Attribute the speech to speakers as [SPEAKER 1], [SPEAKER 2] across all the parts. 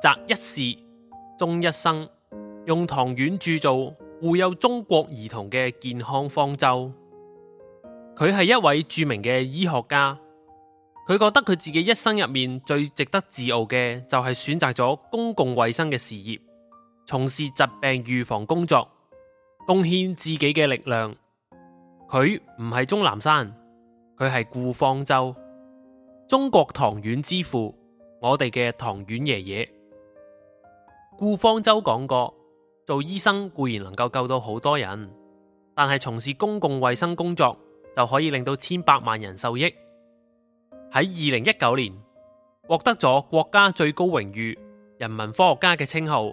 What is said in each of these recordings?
[SPEAKER 1] 擇一事終一生，用糖丸鑄造護佑中國兒童嘅健康方舟。佢係一位著名嘅醫學家，佢覺得佢自己一生入面最值得自傲嘅就係選擇咗公共衛生嘅事業，從事疾病預防工作，貢獻自己嘅力量。佢唔係鍾南山，佢係顧方舟，中國糖丸之父，我哋嘅糖丸爺爺。顧方舟講過：做醫生固然能夠救到好多人，但係從事公共衛生工作就可以令到千百萬人受益。喺二零一九年，獲得咗國家最高榮譽——人民科學家嘅稱號。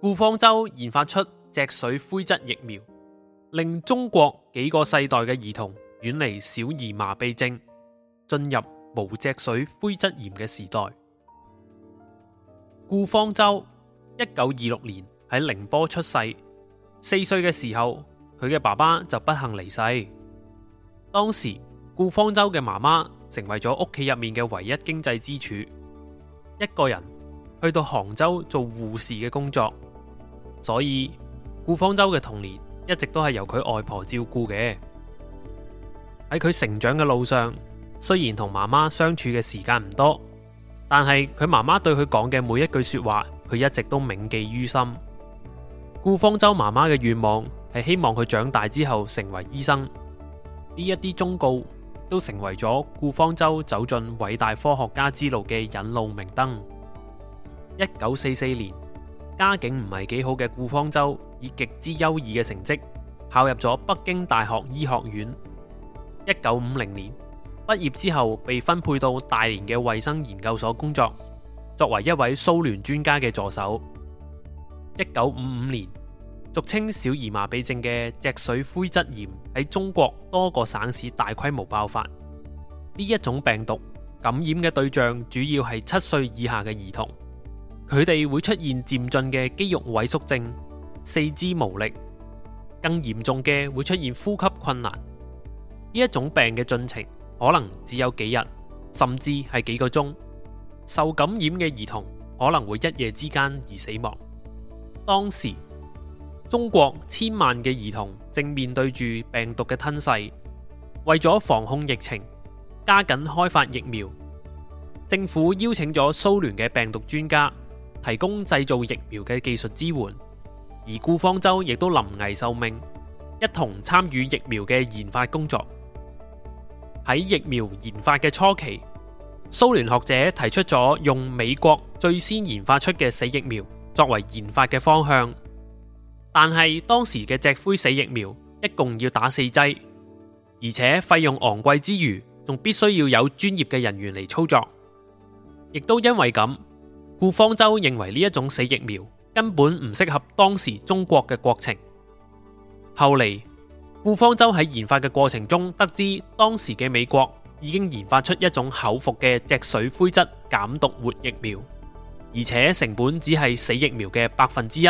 [SPEAKER 1] 顧方舟研發出脊髓灰質疫苗，令中國幾個世代嘅兒童遠離小兒麻痹症，進入無脊髓灰質炎嘅時代。顧方舟，一九二六年喺寧波出世，四歲嘅時候，佢嘅爸爸就不幸離世。當時顧方舟嘅媽媽成為咗屋企入面嘅唯一經濟支柱，一個人去到杭州做護士嘅工作，所以顧方舟嘅童年一直都係由佢外婆照顧嘅。喺佢成長嘅路上，雖然同媽媽相處嘅時間唔多，但係佢媽媽對佢講嘅每一句說話，佢一直都銘記於心。顧方舟媽媽嘅願望係希望佢長大之後成為醫生，呢一啲忠告都成為咗顧方舟走進偉大科學家之路嘅引路明燈。一九四四年，家境唔係幾好嘅顧方舟以極之優異嘅成績考入咗北京大學醫學院。一九五零年。畢業之後，被分配到大連嘅衛生研究所工作，作為一位蘇聯專家嘅助手。一九五五年，俗稱小兒麻痹症嘅脊髓灰質炎喺中國多個省市大規模爆發。呢一種病毒感染嘅對象主要係七歲以下嘅兒童，佢哋會出現漸進嘅肌肉萎縮症，四肢無力，更嚴重嘅會出現呼吸困難。呢一種病嘅進程可能只有幾日，甚至係幾個鐘。受感染嘅兒童可能會一夜之間而死亡。當時，中國千萬嘅兒童正面對住病毒嘅吞噬。為咗防控疫情，加緊開發疫苗，政府邀請咗蘇聯嘅病毒專家提供製造疫苗嘅技術支援，而顧方舟亦都臨危受命，一同參與疫苗嘅研發工作。喺疫苗研發嘅初期，蘇聯學者提出咗用美國最先研發出嘅死疫苗作為研發嘅方向，但係當時嘅脊灰死疫苗一共要打四劑，而且費用昂貴之餘，仲必須要有專業嘅人員嚟操作，亦都因為咁，顧方舟認為呢一種死疫苗根本唔適合當時中國嘅國情，後嚟。顧方舟喺研發嘅過程中，得知當時嘅美國已經研發出一種口服嘅脊髓灰質減毒活疫苗，而且成本只係死疫苗嘅百分之一。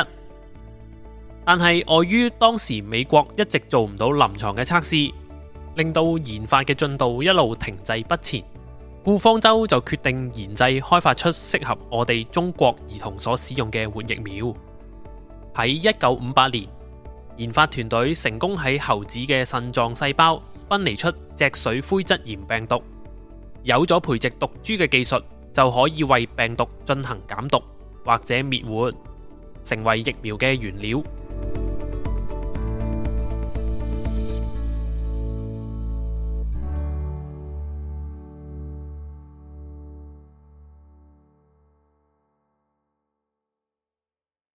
[SPEAKER 1] 但係，礙於當時美國一直做唔到臨牀嘅測試，令到研發嘅進度一路停滯不前。顧方舟就決定研製開發出適合我哋中國兒童所使用嘅活疫苗。喺一九五八年。研發團隊成功喺猴子嘅腎臟細胞分離出脊髓灰質炎病毒，有咗培植毒株嘅技術，就可以為病毒進行減毒或者滅活，成為疫苗嘅原料。